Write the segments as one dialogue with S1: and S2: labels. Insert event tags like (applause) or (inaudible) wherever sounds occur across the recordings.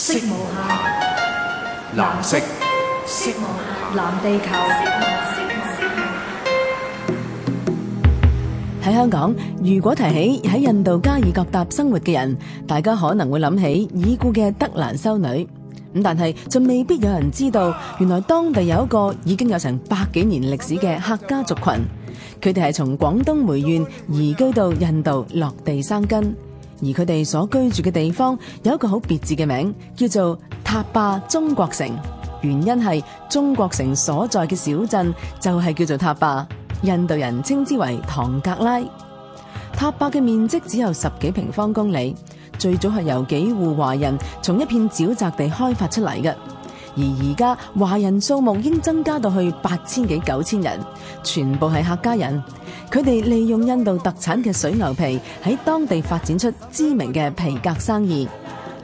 S1: 色無下藍色，色無下，藍地球。
S2: 喺香港，如果提起喺印度加爾各答生活嘅人，大家可能會諗起已故嘅德蘭修女。咁但係就未必有人知道，原來當地有一個已經有成百幾年歷史嘅客家族群。佢哋係從廣東梅縣移居到印度落地生根。而佢哋所居住嘅地方有一個好別緻嘅名，叫做塔壩中國城。原因係中國城所在嘅小鎮就係叫做塔壩，印度人稱之為唐格拉。塔壩嘅面積只有十幾平方公里，最早係由幾戶華人從一片沼澤地開發出嚟嘅。而而家華人數目應增加到去八千幾九千人，全部係客家人。佢哋利用印度特產嘅水牛皮喺當地發展出知名嘅皮革生意。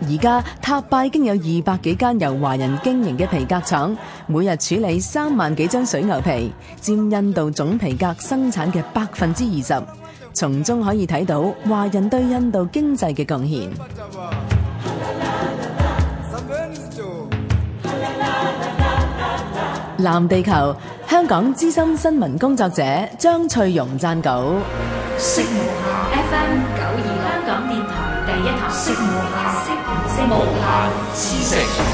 S2: 而家塔拜經有二百幾間由華人經營嘅皮革廠，每日處理三萬幾張水牛皮，佔印度總皮革生產嘅百分之二十。從中可以睇到華人對印度經濟嘅貢獻。 (music) 藍地球，香港資深新聞工作者張翠容撰稿。色無限 FM
S1: 九二六香港電台第一台。色無
S2: 限，色無限，色無